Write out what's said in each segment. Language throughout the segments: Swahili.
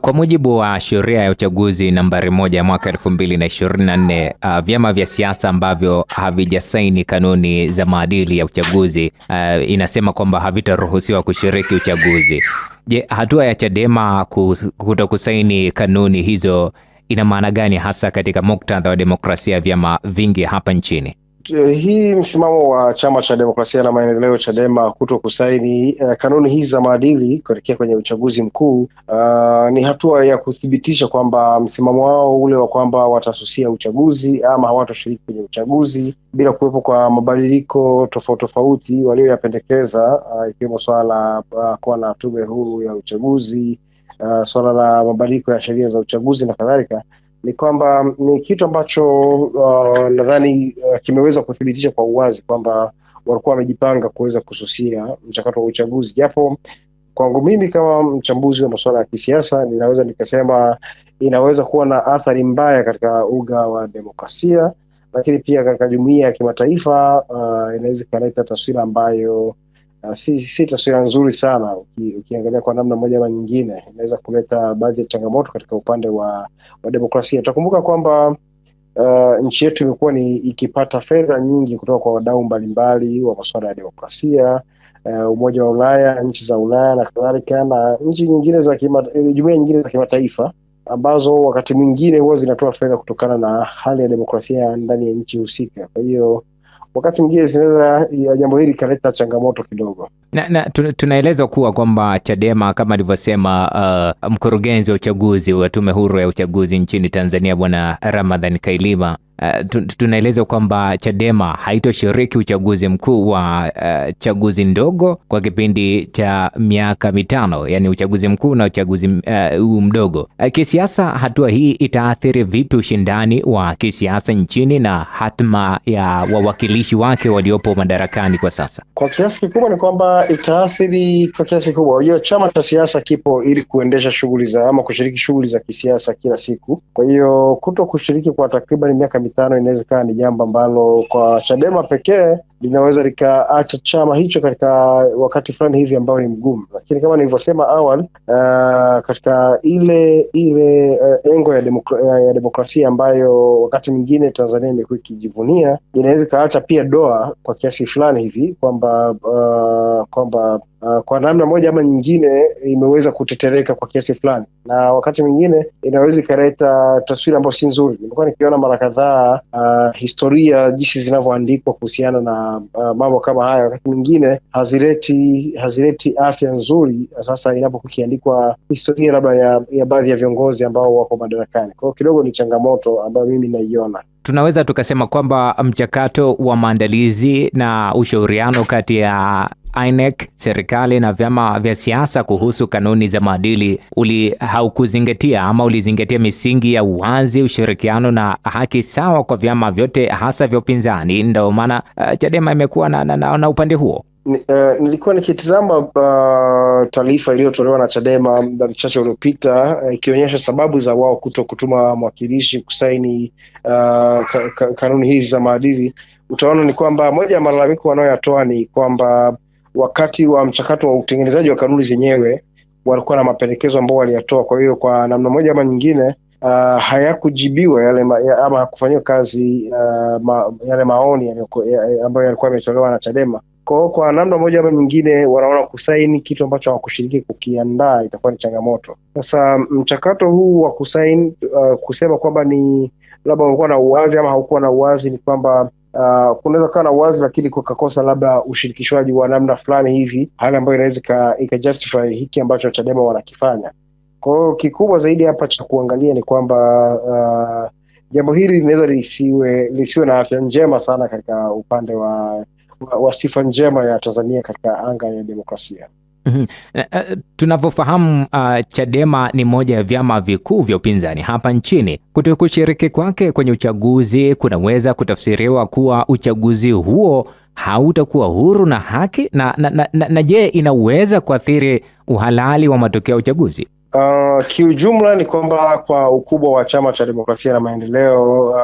Kwa mujibu wa sheria ya uchaguzi nambari moja ya mwaka 2024, uh, vyama vya siasa ambavyo havijasaini kanuni za maadili ya uchaguzi uh, inasema kwamba havitaruhusiwa kushiriki uchaguzi. Je, hatua ya Chadema kutokusaini kanuni hizo ina maana gani hasa katika muktadha wa demokrasia ya vyama vingi hapa nchini? Eh, hii msimamo wa chama cha demokrasia na maendeleo Chadema kuto kusaini uh, kanuni hizi za maadili kuelekea kwenye uchaguzi mkuu uh, ni hatua ya kuthibitisha kwamba msimamo wao ule wa kwamba watasusia uchaguzi ama hawatoshiriki kwenye uchaguzi bila kuwepo kwa mabadiliko tofauti tofauti walioyapendekeza, uh, ikiwemo swala la uh, kuwa na tume huru ya uchaguzi uh, swala la mabadiliko ya sheria za uchaguzi na kadhalika ni kwamba ni kitu ambacho uh, nadhani uh, kimeweza kuthibitisha kwa uwazi kwamba walikuwa wamejipanga kuweza kususia mchakato wa uchaguzi, japo kwangu mimi kama mchambuzi wa masuala ya kisiasa ninaweza nikasema inaweza kuwa na athari mbaya katika uga wa demokrasia, lakini pia katika jumuia ya kimataifa uh, inaweza ikaleta taswira ambayo Ah, si, si taswira nzuri sana uki, ukiangalia kwa namna moja ama nyingine, inaweza kuleta baadhi ya changamoto katika upande wa, wa demokrasia. Tutakumbuka kwamba uh, nchi yetu imekuwa ni ikipata fedha nyingi kutoka kwa wadau mbalimbali wa masuala ya demokrasia uh, Umoja wa Ulaya, nchi za Ulaya na kadhalika na nchi nyingine za eh, jumuiya nyingine za kimataifa ambazo wakati mwingine huwa zinatoa fedha kutokana na hali ya demokrasia ndani ya nchi husika. Kwa hiyo wakati mwingine zinaweza jambo hili ikaleta changamoto kidogo na, na tunaelezwa kuwa kwamba Chadema kama alivyosema uh, mkurugenzi wa uchaguzi wa Tume Huru ya Uchaguzi nchini Tanzania Bwana Ramadhan Kailima uh, tunaeleza kwamba Chadema haitoshiriki uchaguzi mkuu wa uh, chaguzi ndogo kwa kipindi cha miaka mitano, yani uchaguzi mkuu na uchaguzi eh, huu uh, mdogo. Uh, kisiasa, hatua hii itaathiri vipi ushindani wa kisiasa nchini na hatma ya wawakilishi wake waliopo madarakani kwa sasa? Kwa kiasi kikubwa ni kwamba itaathiri kwa kiasi kikubwa. hiyo chama cha siasa kipo ili kuendesha shughuli za ama kushiriki shughuli za kisiasa kila siku. Kwa hiyo kuto kushiriki kwa takriban miaka mitano inaweza ikawa ni jambo ambalo kwa Chadema pekee linaweza likaacha chama hicho katika wakati fulani hivi ambao ni mgumu, lakini kama nilivyosema awali, uh, katika ile ile uh, engo ya, demokra ya demokrasia ambayo wakati mwingine Tanzania imekuwa ikijivunia, inaweza ikaacha pia doa kwa kiasi fulani hivi kwamba uh, kwamba uh, kwa namna moja ama nyingine imeweza kutetereka kwa kiasi fulani, na wakati mwingine inaweza ikaleta taswira ambayo si nzuri. Nimekuwa nikiona mara kadhaa uh, historia jinsi zinavyoandikwa kuhusiana na uh, mambo kama haya, wakati mwingine hazileti hazileti afya nzuri, sasa inapokuwa ikiandikwa historia labda ya, ya baadhi ya viongozi ambao wako madarakani. kwao kidogo ni changamoto ambayo mimi naiona tunaweza tukasema kwamba mchakato wa maandalizi na ushauriano kati ya INEC, serikali na vyama vya siasa kuhusu kanuni za maadili uli haukuzingatia ama ulizingatia misingi ya uwazi, ushirikiano na haki sawa kwa vyama vyote hasa vya upinzani. Ndio maana uh, Chadema imekuwa na, na, na, na upande huo Uh, nilikuwa nikitizama uh, taarifa iliyotolewa na Chadema muda mchache uliopita eh, ikionyesha uh, sababu za wao kuto kutuma mwakilishi kusaini uh, ka, ka, kanuni hizi za maadili, utaona ni kwamba moja ya malalamiko wanayoyatoa ni kwamba wakati wa mchakato wa utengenezaji wa kanuni zenyewe walikuwa na mapendekezo ambao waliyatoa. Kwa hiyo kwa namna moja ama nyingine Uh, hayakujibiwa yale ma, ya, ama hakufanyiwa kazi uh, ma, yale maoni ambayo yalikuwa yametolewa na Chadema. Kwa kwa namna moja ama nyingine, wanaona kusaini kitu ambacho hawakushiriki kukiandaa itakuwa ni changamoto. Sasa mchakato huu wa kusaini uh, kusema kwamba ni labda umekuwa na uwazi ama haukuwa na uwazi, ni kwamba Uh, kunaweza kuwa na uwazi lakini kukakosa labda ushirikishwaji wa namna fulani hivi, hali ambayo inaweza ikajustify hiki ambacho Chadema wanakifanya. Kwa hiyo kikubwa zaidi hapa cha kuangalia ni kwamba uh, jambo hili linaweza lisiwe lisiwe na afya njema sana katika upande wa wa, wa sifa njema ya Tanzania katika anga ya demokrasia. Mm -hmm. Tunavyofahamu uh, Chadema ni moja ya vyama vikuu vya upinzani hapa nchini. Kuto kushiriki kwake kwenye uchaguzi kunaweza kutafsiriwa kuwa uchaguzi huo hautakuwa huru na haki na, na, na, na, na je, inaweza kuathiri uhalali wa matokeo ya uchaguzi? Uh, kiujumla ni kwamba kwa ukubwa wa chama cha demokrasia na maendeleo uh,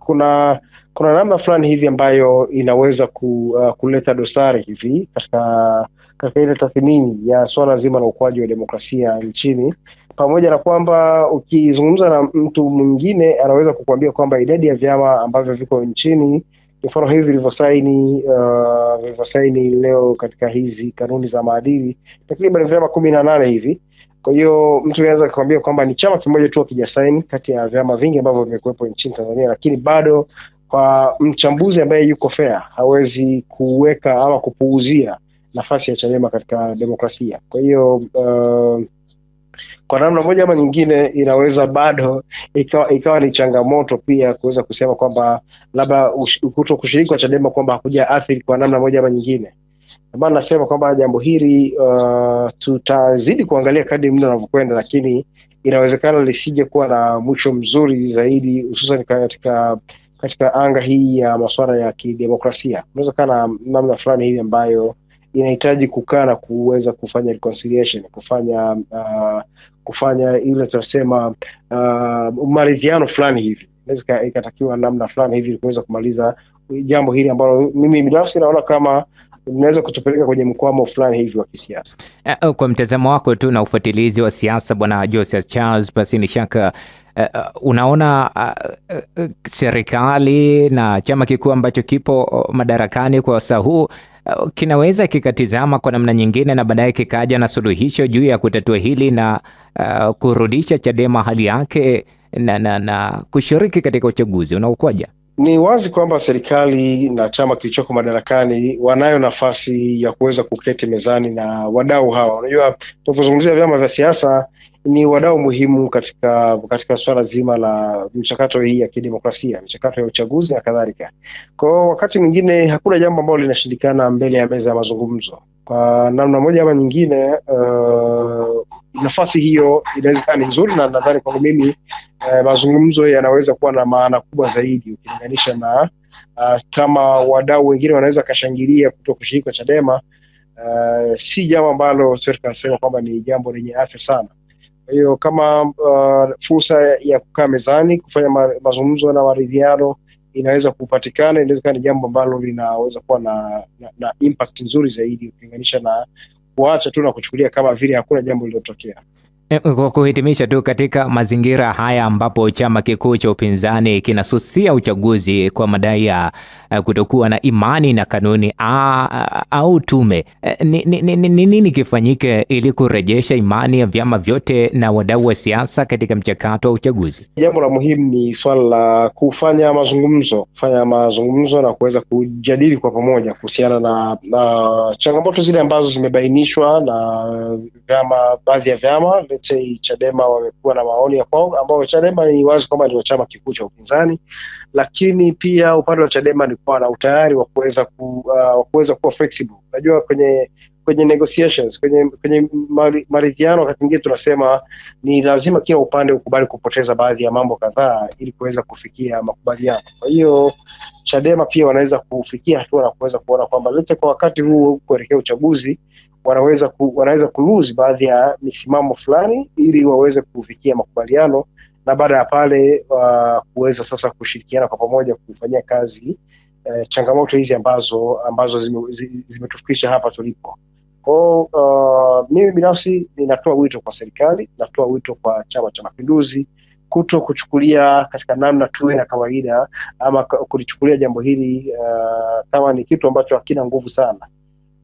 kuna kuna namna fulani hivi ambayo inaweza ku, uh, kuleta dosari hivi katika katika ile tathmini ya swala zima la ukuaji wa demokrasia nchini, pamoja na kwamba ukizungumza na mtu mwingine anaweza kukuambia kwamba idadi ya vyama ambavyo viko nchini mfano hivi vilivyosaini uh, vilivyosaini leo katika hizi kanuni za maadili takriban vyama kumi na nane hivi. Kwa hiyo mtu anaweza kuambia kwamba ni chama kimoja tu akijasaini kati ya vyama vingi ambavyo vimekuwepo nchini Tanzania, lakini bado kwa mchambuzi ambaye yuko fea hawezi kuweka ama kupuuzia nafasi ya Chadema katika demokrasia. Kwa hiyo uh, kwa namna moja ama nyingine inaweza bado ikawa, ikawa ni changamoto pia kuweza kusema kwamba labda kuto kushiriki kwa Chadema kwamba hakuja athiri kwa namna moja ama nyingine. Ndio nasema kwamba jambo hili uh, tutazidi kuangalia kadri muda unavyokwenda, lakini inawezekana lisije kuwa na mwisho mzuri zaidi, hususan katika katika anga hii ya masuala ya kidemokrasia, unaweza kaa na namna fulani hivi ambayo inahitaji kukaa na kuweza kufanya reconciliation, kufanya uh, kufanya ile tunasema uh, maridhiano fulani hivi, inaweza ikatakiwa namna fulani hivi kuweza kumaliza jambo hili ambalo mimi binafsi naona kama unaweza kutupeleka kwenye mkwamo fulani hivi wa kisiasa. Eh, kwa mtazamo wako tu na ufuatilizi wa siasa, Bwana Joseph Charles, basi ni shaka Uh, unaona uh, uh, serikali na chama kikuu ambacho kipo oh, madarakani kwa sasa huu uh, kinaweza kikatizama kwa namna nyingine na baadaye kikaja na suluhisho juu ya kutatua hili na uh, kurudisha Chadema hali yake na, na, na kushiriki katika uchaguzi unaokuja. Ni wazi kwamba serikali na chama kilichoko madarakani wanayo nafasi ya kuweza kuketi mezani na wadau hawa. Unajua, tunapozungumzia vyama vya siasa ni wadau muhimu katika katika swala zima la michakato hii ya kidemokrasia, michakato ya uchaguzi na kadhalika. kwao wakati mwingine hakuna jambo ambalo linashindikana mbele ya meza ya mazungumzo. Kwa namna moja ama nyingine, uh, nafasi hiyo inaweza ni nzuri, na nadhani kwangu mimi eh, mazungumzo yanaweza kuwa na maana kubwa zaidi ukilinganisha na uh, kama wadau wengine wanaweza kashangilia kutoka kushiriki kwa Chadema. Uh, si jambo ambalo serikali inasema kwamba ni jambo lenye afya sana. Kwa hiyo kama uh, fursa ya kukaa mezani kufanya ma, mazungumzo na maridhiano inaweza kupatikana, inaweza ni jambo ambalo linaweza kuwa na, na, na impact nzuri zaidi ukilinganisha na kuacha tu na kuchukulia kama vile hakuna jambo lililotokea. Eh, kwa kuhitimisha tu, katika mazingira haya ambapo chama kikuu cha upinzani kinasusia uchaguzi kwa madai ya eh, kutokuwa na imani na kanuni au tume, eh, ni nini ni, ni kifanyike ili kurejesha imani ya vyama vyote na wadau wa siasa katika mchakato wa uchaguzi? Jambo la muhimu ni swala la kufanya mazungumzo, kufanya mazungumzo na kuweza kujadili kwa pamoja kuhusiana na, na changamoto zile ambazo zimebainishwa na vyama, baadhi ya vyama let's Chadema wamekuwa na maoni ya kwao, ambao Chadema ni wazi kwamba ndio chama kikuu cha upinzani, lakini pia upande wa Chadema ni kwa na utayari wa kuweza ku, uh, kuweza kuwa flexible. Unajua kwenye kwenye negotiations, kwenye kwenye maridhiano, wakati mwingine tunasema ni lazima kila upande ukubali kupoteza baadhi ya mambo kadhaa ili kuweza kufikia makubaliano. Kwa hiyo Chadema pia wanaweza kufikia hatua na kuweza kuona kwamba lete kwa wakati huu kuelekea uchaguzi wanaweza, ku, wanaweza kuluzi baadhi ya misimamo fulani ili waweze kufikia makubaliano na baada ya pale uh, kuweza sasa kushirikiana kwa pamoja kufanyia kazi eh, changamoto hizi ambazo ambazo zimetufikisha zime hapa tulipo. Kwao uh, mimi binafsi ninatoa wito kwa serikali, natoa wito kwa Chama cha Mapinduzi kuto kuchukulia katika namna tu ya kawaida ama kulichukulia jambo hili uh, kama ni kitu ambacho hakina nguvu sana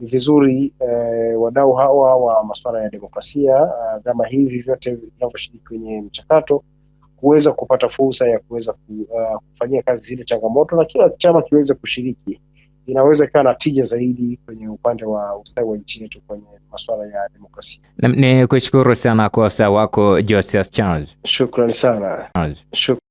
ni vizuri eh, wadau hawa wa masuala ya demokrasia, eh, vyama uh, hivi vyote vinavyoshiriki kwenye mchakato kuweza kupata fursa ya kuweza eh, kufanyia kazi zile changamoto na kila chama kiweze kushiriki, inaweza ikawa na tija zaidi kwenye upande wa ustawi wa nchi yetu kwenye masuala ya demokrasia. Ni kushukuru sana kwa usaa wako Josias Charles, shukrani sana Charles. Shuk